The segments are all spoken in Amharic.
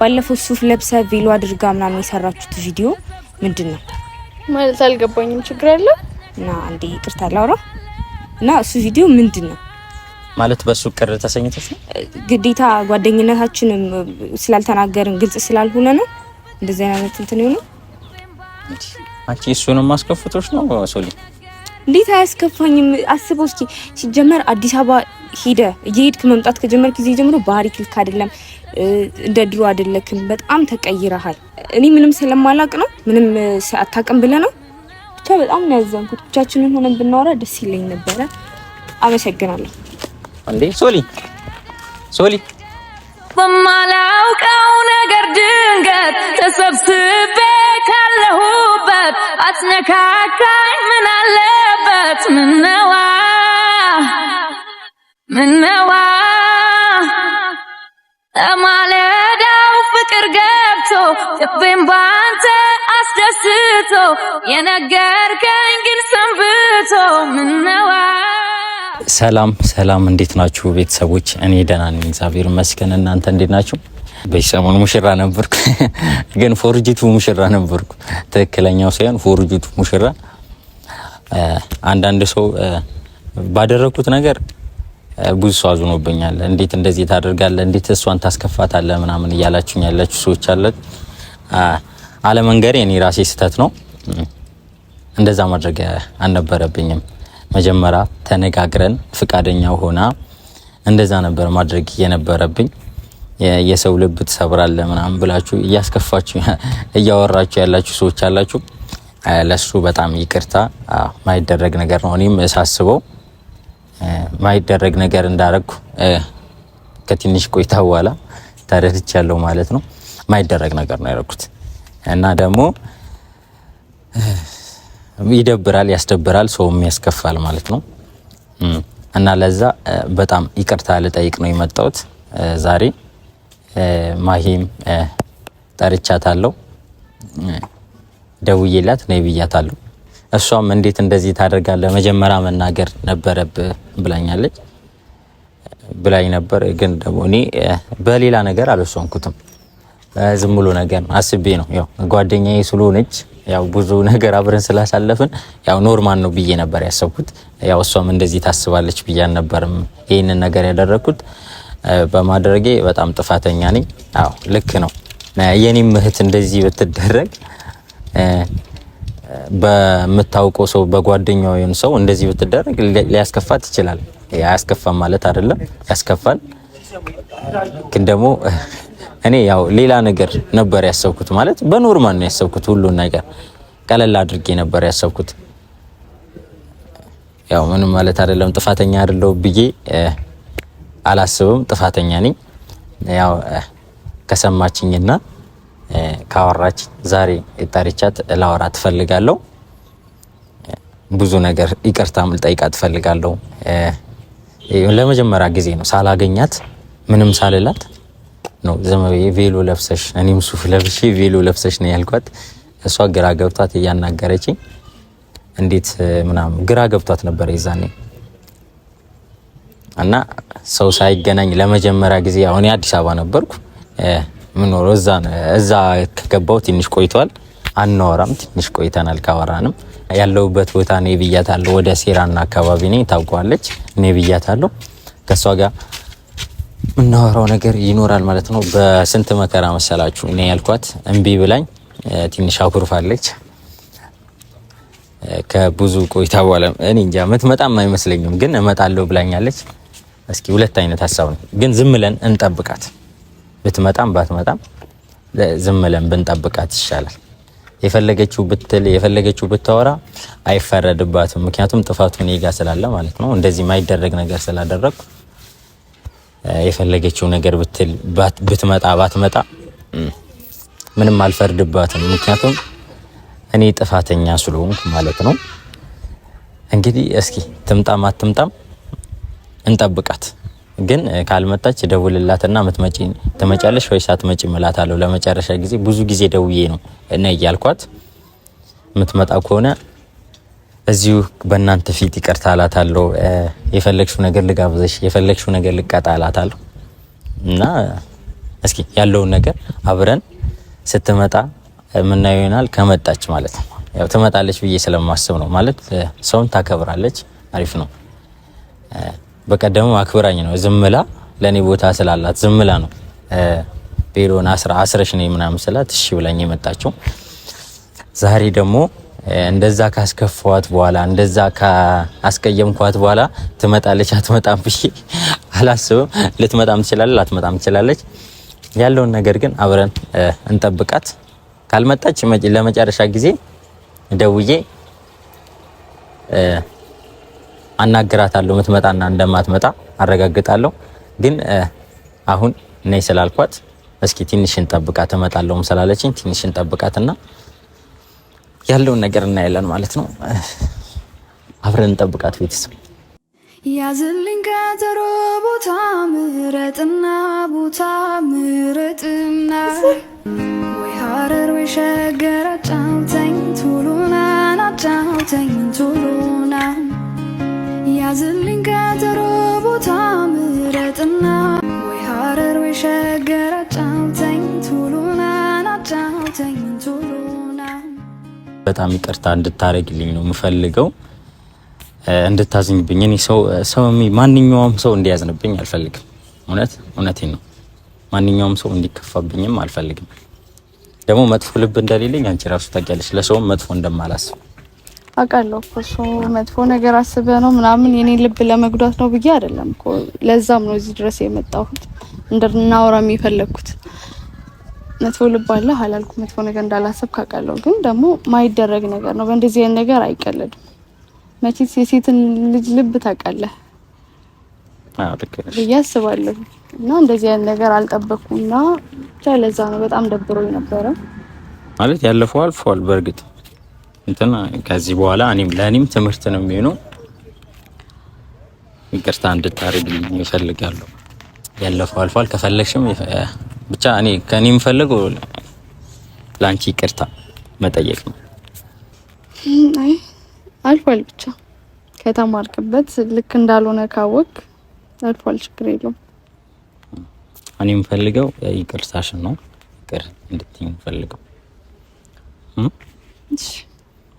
ባለፈው ሱፍ ለብሰ ቬሎ አድርጋ ምናምን የሰራችሁት ቪዲዮ ምንድን ነው ማለት አልገባኝም። ችግር አለ እና አንዴ ይቅርታ ላውራ እና እሱ ቪዲዮ ምንድን ነው ማለት በሱ ቅር ተሰኝተሽ ነው? ግዴታ ጓደኝነታችንም ስላልተናገርን ግልጽ ስላልሆነ ነው እንደዚህ አይነት እንትን የሆነው። አንቺ እሱንም አስከፍቶች ነው ሶሊ? እንዴት አያስከፋኝም። አስበው እስኪ ሲጀመር አዲስ አበባ ሂደ እየሄድክ መምጣት ከጀመር ጊዜ ጀምሮ ባህሪ ክልክ አይደለም፣ እንደ ድሮ አይደለክም፣ በጣም ተቀይረሃል። እኔ ምንም ስለማላቅ ነው ምንም አታውቅም ብለህ ነው። ብቻ በጣም ነው ያዘንኩት። ብቻችንን ሆነን ብናወራ ደስ ይለኝ ነበረ። አመሰግናለሁ። እንዴ ሶሊ ሶሊ በማላውቀው ነገር ድንገት ተሰብስቤ ካለሁበት አትነካካኝ ምን አለበት ምነዋ ምነዋ ፍቅር ገብቶ ልቤን ባንተ አስደስቶ የነገርከኝ ግን ሰንብቶ ምነዋ። ሰላም ሰላም፣ እንዴት ናችሁ ቤተሰቦች? እኔ ደህና ነኝ እግዚአብሔር ይመስገን። እናንተ እንዴት ናችሁ? በሰሞኑ ሙሽራ ነበርኩ፣ ግን ፎርጅቱ ሙሽራ ነበርኩ። ትክክለኛው ሳይሆን ፎርጅቱ ሙሽራ። አንዳንድ ሰው ባደረኩት ነገር ብዙ ሰው አዝኖብኛል። እንዴት እንደዚህ ታደርጋለህ? እንዴት እሷን ታስከፋታለህ? ምናምን እያላችሁኝ ያላችሁ ሰዎች አላችሁ። አለመንገሬ እኔ ራሴ ስህተት ነው። እንደዛ ማድረግ አልነበረብኝም። መጀመሪያ ተነጋግረን ፍቃደኛ ሆና እንደዛ ነበር ማድረግ የነበረብኝ። የሰው ልብ ትሰብራለህ ምናምን ብላችሁ እያስከፋችሁ እያወራችሁ ያላችሁ ሰዎች አላችሁ። ለሱ በጣም ይቅርታ፣ ማይደረግ ነገር ነው። እኔም ሳስበው ማይደረግ ነገር እንዳረግኩ ከትንሽ ቆይታ በኋላ ተረድቻለሁ ማለት ነው። ማይደረግ ነገር ነው ያደረኩት እና ደግሞ ይደብራል፣ ያስደብራል፣ ሰውም ያስከፋል ማለት ነው እና ለዛ በጣም ይቅርታ ልጠይቅ ነው የመጣሁት ዛሬ። ማሂም ጠርቻታለሁ፣ ደውዬላት ነይ ብያታለሁ። እሷም እንዴት እንደዚህ ታደርጋለህ መጀመሪያ መናገር ነበረብህ ብላኛለች ብላኝ ነበር። ግን ደግሞ እኔ በሌላ ነገር አልወሰንኩትም። ዝም ብሎ ነገር አስቤ ነው። ያው ጓደኛዬ ስለሆነች ያው ብዙ ነገር አብረን ስላሳለፍን ያው ኖርማል ነው ብዬ ነበር ያሰብኩት። ያው እሷም እንደዚህ ታስባለች ብዬ አልነበርም ይህንን ነገር ያደረግኩት። በማድረጌ በጣም ጥፋተኛ ነኝ። አዎ ልክ ነው። የኔም እህት እንደዚህ ብትደረግ በምታውቀው ሰው በጓደኛው የሆነ ሰው እንደዚህ ብትደረግ ሊያስከፋት ይችላል። አያስከፋም ማለት አይደለም፣ ያስከፋል። ግን ደግሞ እኔ ያው ሌላ ነገር ነበር ያሰብኩት፣ ማለት በኖርማል ነው ያሰብኩት። ሁሉን ነገር ቀለል አድርጌ ነበር ያሰብኩት። ያው ምንም ማለት አይደለም፣ ጥፋተኛ አይደለሁ ብዬ አላስብም። ጥፋተኛ ነኝ። ያው ከሰማችኝና ካወራች ዛሬ የጠሪቻት ላወራ ትፈልጋለሁ። ብዙ ነገር ይቅርታም ልጠይቃት ትፈልጋለሁ። ለመጀመሪያ ጊዜ ነው ሳላገኛት ምንም ሳልላት ነው ዝም ብዬ ቬሎ ለብሰሽ እኔም ሱፍ ለብሼ ቬሎ ለብሰሽ ነው ያልኳት። እሷ ግራ ገብቷት እያናገረች እንዴት ምናምን ግራ ገብቷት ነበር ይዛኔ እና ሰው ሳይገናኝ ለመጀመሪያ ጊዜ አሁን አዲስ አበባ ነበርኩ የምኖረው እዛ ነው። እዛ ከገባው ትንሽ ቆይቷል። አናወራም፣ ትንሽ ቆይተናል ካወራንም። ያለውበት ቦታ እኔ ብያታለሁ፣ ወደ ሴራና አካባቢ ነኝ፣ ታውቀዋለች። እኔ ብያታለሁ። ከእሷ ጋር የምናወራው ነገር ይኖራል ማለት ነው። በስንት መከራ መሰላችሁ እኔ ያልኳት እምቢ ብላኝ ትንሽ አኩርፋለች። ከብዙ ቆይታ በኋላ እኔ እንጃ ምትመጣም አይመስለኝም፣ ግን እመጣለሁ ብላኛለች። እስኪ ሁለት አይነት ሀሳብ ነው፣ ግን ዝም ብለን እንጠብቃት። ብትመጣም ባትመጣም ዝም ብለን ብንጠብቃት ይሻላል። የፈለገችው ብትል የፈለገችው ብታወራ አይፈረድባትም። ምክንያቱም ጥፋቱ እኔ ጋ ስላለ ማለት ነው። እንደዚህ የማይደረግ ነገር ስላደረግኩ የፈለገችው ነገር ብትል ብትመጣ ባትመጣ ምንም አልፈርድባትም። ምክንያቱም እኔ ጥፋተኛ ስለሆንኩ ማለት ነው። እንግዲህ እስኪ ትምጣም አትምጣም እንጠብቃት። ግን ካልመጣች ደውልላትና ምትመጪ ትመጫለሽ ወይስ አትመጪ እላታለሁ። ለመጨረሻ ጊዜ ብዙ ጊዜ ደውዬ ነው እና እያልኳት ምትመጣ ከሆነ እዚሁ በእናንተ ፊት ይቅርታ እላታለሁ። የፈለግሽው ነገር ልጋብዘሽ፣ የፈለግሽው ነገር ልቀጣ እላታለሁ እና እስኪ ያለውን ነገር አብረን ስትመጣ የምናየው ይሆናል። ከመጣች ማለት ነው ያው ትመጣለች ብዬ ስለማስብ ነው። ማለት ሰውን ታከብራለች፣ አሪፍ ነው። በቀደምም አክብራኝ ነው ዝምላ ለእኔ ቦታ ስላላት ዝምላ ነው አስራ አስረሽ ነው ምናምን ስላት እሺ ብላኝ የመጣችው። ዛሬ ደግሞ እንደዛ ካስከፋዋት በኋላ እንደዛ ካስቀየምኳት በኋላ ትመጣለች አትመጣም ብዬ አላስብም። ልትመጣም ትችላለች፣ ላትመጣም ትችላለች። ያለውን ነገር ግን አብረን እንጠብቃት። ካልመጣች ለመጨረሻ ጊዜ ደውዬ አናግራታለሁ ምትመጣና እንደማትመጣ አረጋግጣለሁ። ግን አሁን ነይ ስላልኳት እስኪ ትንሽ እንጠብቃት እመጣለሁም ስላለችኝ ትንሽ እንጠብቃትና ያለውን ነገር እናያለን ማለት ነው። አብረን እንጠብቃት። ቤተሰብ ያዝልኝ ቀጠሮ ቦታ ምረጥና ቦታ ምረጥና ወይ ሀረር ወይ ሸገር አጫውተኝ ቱሉና አጫውተኝ ቱሉና ያዝልኝ ቀጠሮ ቦታ ምረጥና ወይ ሀረር ወይ ሸገር አጫውተኝ ቱሉናን አጫውተኝ ቱሉና በጣም ይቅርታ እንድታረግልኝ ነው የምፈልገው እንድታዝኝብኝ እኔ ሰው ሰው ማንኛውም ሰው እንዲያዝንብኝ አልፈልግም። እውነት እውነቴን ነው። ማንኛውም ሰው እንዲከፋብኝም አልፈልግም። ደግሞ መጥፎ ልብ እንደሌለኝ አንቺ ራሱ ታውቂያለሽ። ለሰውም መጥፎ እንደማላስብ አውቃለሁ እኮ እሱ መጥፎ ነገር አስበ ነው ምናምን የኔ ልብ ለመጉዳት ነው ብዬ አይደለም እኮ። ለዛም ነው እዚህ ድረስ የመጣሁት እንድናወራ የሚፈለግኩት መጥፎ ልብ አለ አላልኩ፣ መጥፎ ነገር እንዳላሰብ አውቃለሁ። ግን ደግሞ ማይደረግ ነገር ነው። በእንደዚህ አይነት ነገር አይቀለድም። መቼስ የሴትን ልጅ ልብ ታውቃለህ ብዬ አስባለሁ። እና እንደዚህ አይነት ነገር አልጠበኩም እና ብቻ ለዛ ነው በጣም ደብሮኝ ነበረ ማለት ያለፈው አልፏል በእርግጥ እንትን ከዚህ በኋላ እኔም ለእኔም ትምህርት ነው የሚሆነው። ይቅርታ እንድታደርግልኝ ይፈልጋሉ። ያለፈው አልፏል። ከፈለግሽም ብቻ እኔ ከእኔ የምፈልገው ለአንቺ ይቅርታ መጠየቅ ነው። አይ አልፏል። ብቻ ከተማርክበት ልክ እንዳልሆነ ካወቅ አልፏል፣ ችግር የለውም። እኔ የምፈልገው ይቅርታሽን ነው። ይቅር እንድትይኝ የምፈልገው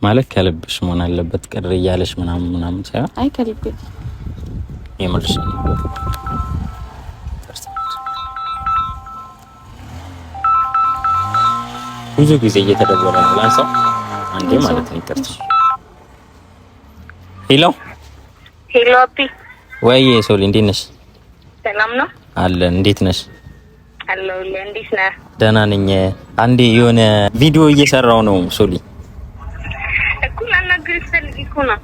ማለት ከልብሽ መሆን አለበት። ቅር እያለሽ ምናምን ምናምን ሳይሆን አይ ከልብ የምርሽ ብዙ ጊዜ እየተደወለ ነው ላንሳው አንዴ ማለት ነው። ይቅርታ። ሄሎ ሄሎ። አቢ ወይ ሶሊ፣ እንዴት ነሽ? ሰላም ነው አለ። እንዴት ነሽ? አለ እንዴት ነህ? ደህና ነኝ። አንዴ የሆነ ቪዲዮ እየሰራው ነው ሶሊ ላናግርሽ ፈልጌ እኮ ነው።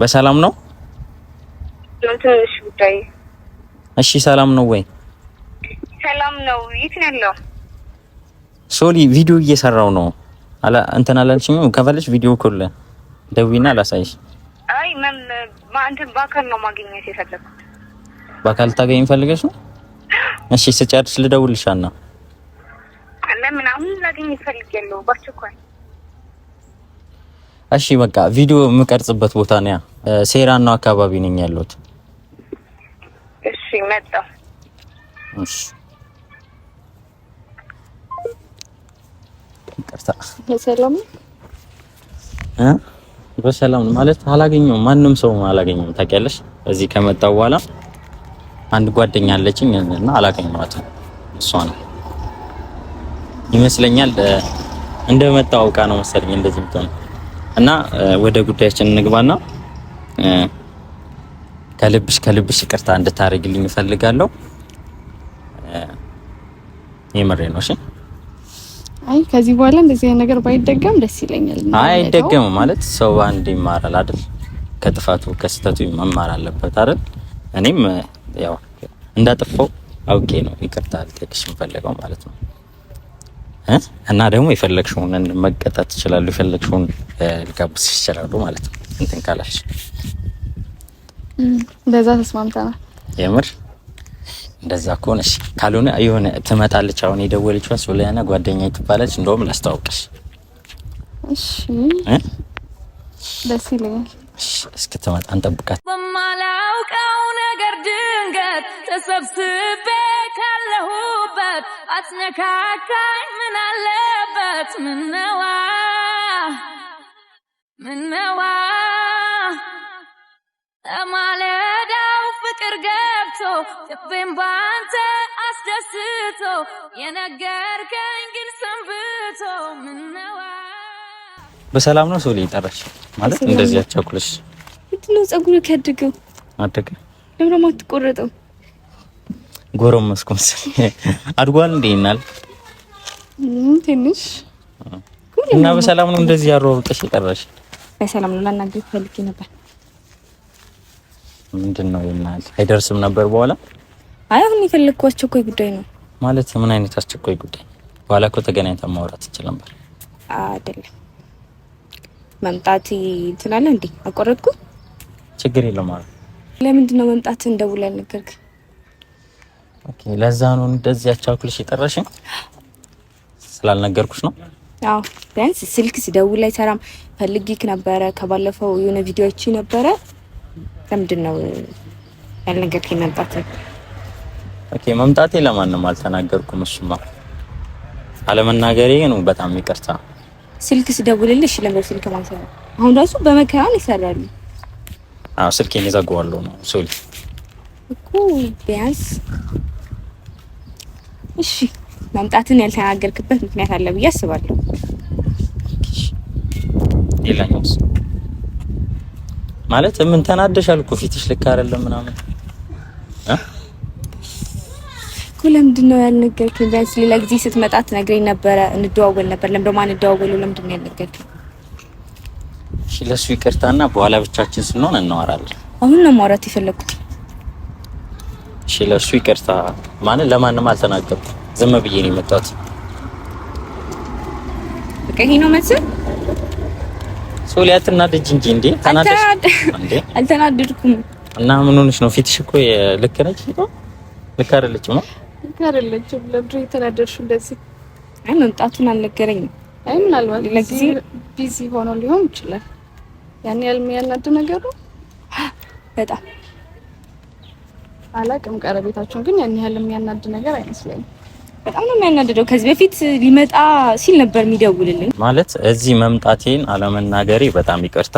በሰላም ነው? ትንሽ ጉዳይ። እሺ፣ ሰላም ነው ወይ? ሰላም ነው። የት ነው ያለው? ሶሊ ቪዲዮ እየሰራው ነው። አላ እንትን አላልሽኝ? ከፈለሽ ቪዲዮ ኮል ደዊና አላሳይሽ። አይ መም እንትን በአካል ነው ማግኘት የፈለኩት። በአካል ታገኝ ፈልገሽ ነው? እሺ፣ ስጨርስ ልደውልሻና። ለምን አሁን ላገኝ ፈልጌ ያለው በአስቸኳይ እሺ በቃ ቪዲዮ የምቀርጽበት ቦታ ነያ ሴራ ነው። አካባቢ ነኝ ያለሁት። እሺ መጣ። እሺ ይቅርታ። በሰላም እ በሰላም ማለት አላገኘሁም፣ ማንም ሰው አላገኘሁም። ታውቂያለሽ፣ እዚህ ከመጣሁ በኋላ አንድ ጓደኛ አለችኝ እና አላገኘኋትም። እሷ ነው ይመስለኛል እንደመጣሁ አውቃ ነው መሰለኝ እንደዚህ ምትሆነው እና ወደ ጉዳያችን እንግባና ከልብሽ ከልብሽ ይቅርታ እንድታደርግልኝ እፈልጋለሁ። የምሬ ነው። እሺ። አይ ከዚህ በኋላ እንደዚህ አይነት ነገር ባይደገም ደስ ይለኛል። አይ አይደገም ማለት ሰው አንድ ይማራል አይደል? ከጥፋቱ ከስተቱ መማር አለበት አይደል? እኔም ያው እንዳጥፋው አውቄ ነው ይቅርታ ልጠይቅሽ የምፈልገው ማለት ነው። እና ደግሞ የፈለግሽውን መቀጣት ትችላለሁ የፈለግሽውን ሊጋቡስ ይችላሉ ማለት ነው። እንትን ካላልሽ እንደዛ ተስማምተናል። የምር እንደዛ ከሆነ እሺ። ካልሆነ የሆነ ትመጣለች። አሁን የደወለችዋ ሶሊያና ጓደኛ ትባለች። እንደውም ላስተዋውቅሽ። እሺ ደስ ይለኛል። እስክትመጣ እንጠብቃት። በማላውቀው ነገር ድንገት ተሰብስቤ ካለሁበት አትነካካኝ ምን አለበት ምነዋ ምነዋ ፍቅር ገብቶ ልቤን ባንተ አስደስቶ የነገርከኝ ግን ሰንብቶ ምነዋ። በሰላም ነው ሶሊ ላይ ጠራሽ ማለት እንደዚህ አቻኩለሽ ምንድነው? ጸጉሩ ያደገው አደገ። ለምን ነው ጎረም ጎረመስኩ አድጓል እንዴ ይናል ትንሽ እና በሰላም ነው እንደዚህ ያሮጠሽ የጠራሽ በሰላም ነው። ላናግር ፈልጌ ነበር። ምንድን ነው ይማል አይደርስም ነበር በኋላ። አይ አሁን የፈለግከው አስቸኳይ ጉዳይ ነው ማለት ምን አይነት አስቸኳይ ጉዳይ? በኋላ እኮ ተገናኝተን ማውራት እንችል ነበር። አይደለም መምጣት ትላለህ እንዴ? አቆረጥኩ። ችግር የለውም አይደል? ለምንድን ነው መምጣት እንደውል ያልነገርክ? ኦኬ ለዛ ነው እንደዚህ አቻኩልሽ የጠራሽኝ ስላልነገርኩሽ ነው። አዎ ቢያንስ ስልክ ስደውል አይሰራም ፈልጊክ ነበረ። ከባለፈው የሆነ ቪዲዮዎች ነበረ። ለምንድን ነው ያልነገርከኝ መምጣት? ኦኬ መምጣቴ ለማንም አልተናገርኩም። እሱማ አለመናገሬ ነው። በጣም ይቅርታ። ስልክ ስደውልልሽ ለምን ስልክ ማሰራ? አሁን ራሱ በመከራ ይሰራሉ። አዎ ስልኬን ይዘጋዋለሁ ነው ሶሪ እኮ ቢያንስ እሺ መምጣትን ያልተናገርክበት ምክንያት አለ ብዬ አስባለሁ። የለኝም ማለት ምን ተናደሽ አልኩ ፊትሽ ልክ አይደለም ምናምን እኮ ለምንድን ነው ያልነገርከኝ? ቢያንስ ሌላ ጊዜ ስትመጣ ትነግረኝ ነበረ፣ እንደዋወል ነበር። ለምን ደግሞ አንደዋወለው? ለምንድን ነው ያልነገርከኝ? እሺ ለሱ ይቅርታና በኋላ ብቻችን ስንሆን እናወራለን። አሁን ነው ማውራት የፈለኩት። እሺ ለሱ ይቅርታ። ማንን? ለማንም አልተናገርኩም። ዝም ብዬ ነው የመጣሁት። በቃ ይሄ ነው መሰል ሶሊ አትናደጅ እንጂ እንዴ! አልተናደድኩም። እና ምን ሆነሽ ነው? ፊትሽ እኮ ልክ ነች። ልክ አይደለችም ነው? ልክ አይደለችም። ለምንድን የተናደድሽው? እንደዚህ አይ መምጣቱን አልነገረኝም። አይ ምናልባት ቢዚ ሆኖ ሊሆን ይችላል። ያን ያህል የሚያናድድ ነገሩ በጣም አላቅም። ቀረቤታቸውን ግን ያን ያህል የሚያናድ ነገር አይመስለኝም። በጣም ነው የሚያናደደው። ከዚህ በፊት ሊመጣ ሲል ነበር የሚደውልልኝ። ማለት እዚህ መምጣቴን አለመናገሬ በጣም ይቅርታ፣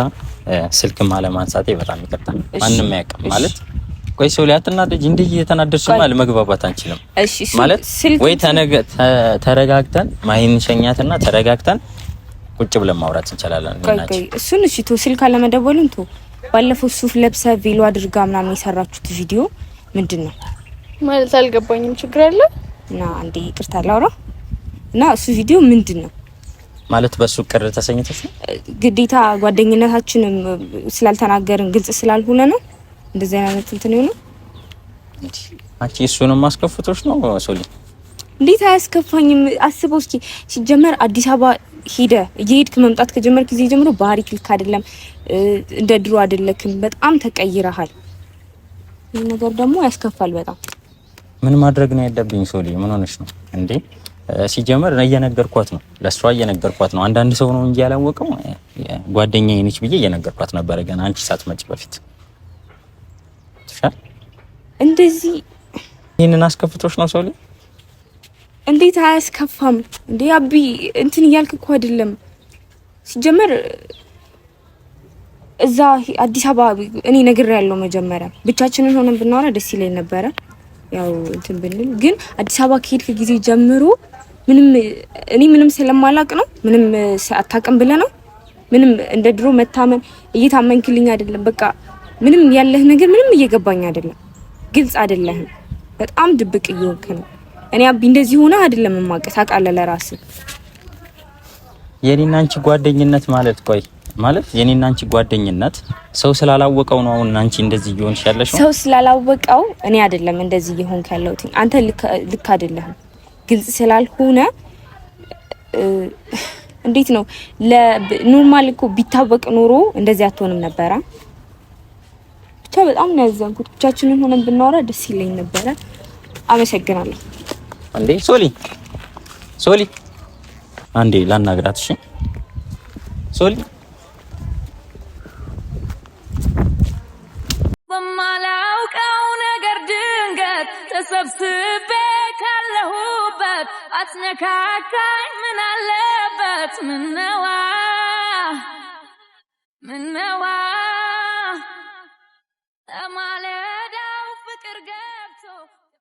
ስልክም አለማንሳቴ በጣም ይቅርታ። ማንም ያውቅም ማለት ቆይ ሰው ሊያትናደጅ እንዲህ ማለት መግባባት አንችልም እሺ ማለት ወይ ተረጋግተን ማይንሸኛትና ተረጋግተን ቁጭ ብለን ማውራት እንችላለን። እሱን እሺ ቶ ስልክ አለመደወልን ቶ ባለፈው ሱፍ ለብሰ ቬሎ አድርጋ ምናምን የሰራችሁት ቪዲዮ ምንድን ነው ማለት አልገባኝም። ችግር አለ እና አንዴ ይቅርታ ላውራ እና እሱ ቪዲዮ ምንድን ነው ማለት በሱ ቅር ተሰኝተሽ ግዴታ ጓደኝነታችንም ስላልተናገርን ግልጽ ስላልሆነ ነው እንደዚህ አይነት እንትን ነው አንቺ እሱንም አስከፍቶች ነው ሶሊ እንዴት አያስከፋኝም አስበው እስኪ ሲጀመር አዲስ አበባ ሄደ እየሄድክ መምጣት ከጀመር ጊዜ ጀምሮ ባህሪክ ልክ አይደለም እንደ ድሮ አይደለክም በጣም ተቀይረሃል ይህ ነገር ደግሞ ያስከፋል በጣም ምን ማድረግ ነው ያለብኝ? ሶሊ ምን ሆነሽ ነው እንዴ? ሲጀመር እየነገርኳት ነው፣ ለእሷ እየነገርኳት ነው። አንዳንድ ሰው ነው እንጂ ያላወቀው ጓደኛዬ ነች ብዬ እየነገርኳት ነበረ፣ ገና አንቺ ሳትመጪ በፊት እንደዚህ ይህንን አስከፍቶች ነው ሶሊ? እንዴት አያስከፋም እንዴ? አቢ እንትን እያልክ እኮ አይደለም። ሲጀመር እዛ አዲስ አበባ እኔ ነግሬያለሁ። መጀመሪያ ብቻችንን ሆነን ብናወራ ደስ ይለኝ ነበረ። ያው እንትን ብንል ግን አዲስ አበባ ከሄድክ ጊዜ ጀምሮ ምንም እኔ ምንም ስለማላቅ ነው ምንም አታውቅም ብለህ ነው ምንም እንደ ድሮ መታመን እየታመንክልኝ አይደለም። በቃ ምንም ያለህ ነገር ምንም እየገባኝ አይደለም። ግልጽ አይደለህም። በጣም ድብቅ እየሆንክ ነው። እኔ አቢ እንደዚህ ሆነ አይደለም ማቀሳቃለ ለራስህ የኔና አንቺ ጓደኝነት ማለት ቆይ ማለት የኔና አንቺ ጓደኝነት ሰው ስላላወቀው ነው። አሁን አንቺ እንደዚህ እየሆንሽ ያለሽ ሰው ስላላወቀው እኔ አይደለም እንደዚህ እየሆንክ ያለሁት አንተ ልክ አይደለህም። ግልጽ ስላልሆነ እንዴት ነው ለኖርማል እኮ ቢታወቅ ኖሮ እንደዚህ አትሆንም ነበረ። ብቻ በጣም ነው ያዘንኩት። ብቻችንን ሆነን ብናወራ ደስ ይለኝ ነበረ። አመሰግናለሁ። አንዴ ሶሊ ሶሊ፣ አንዴ ላናግራት። እሺ ሶሊ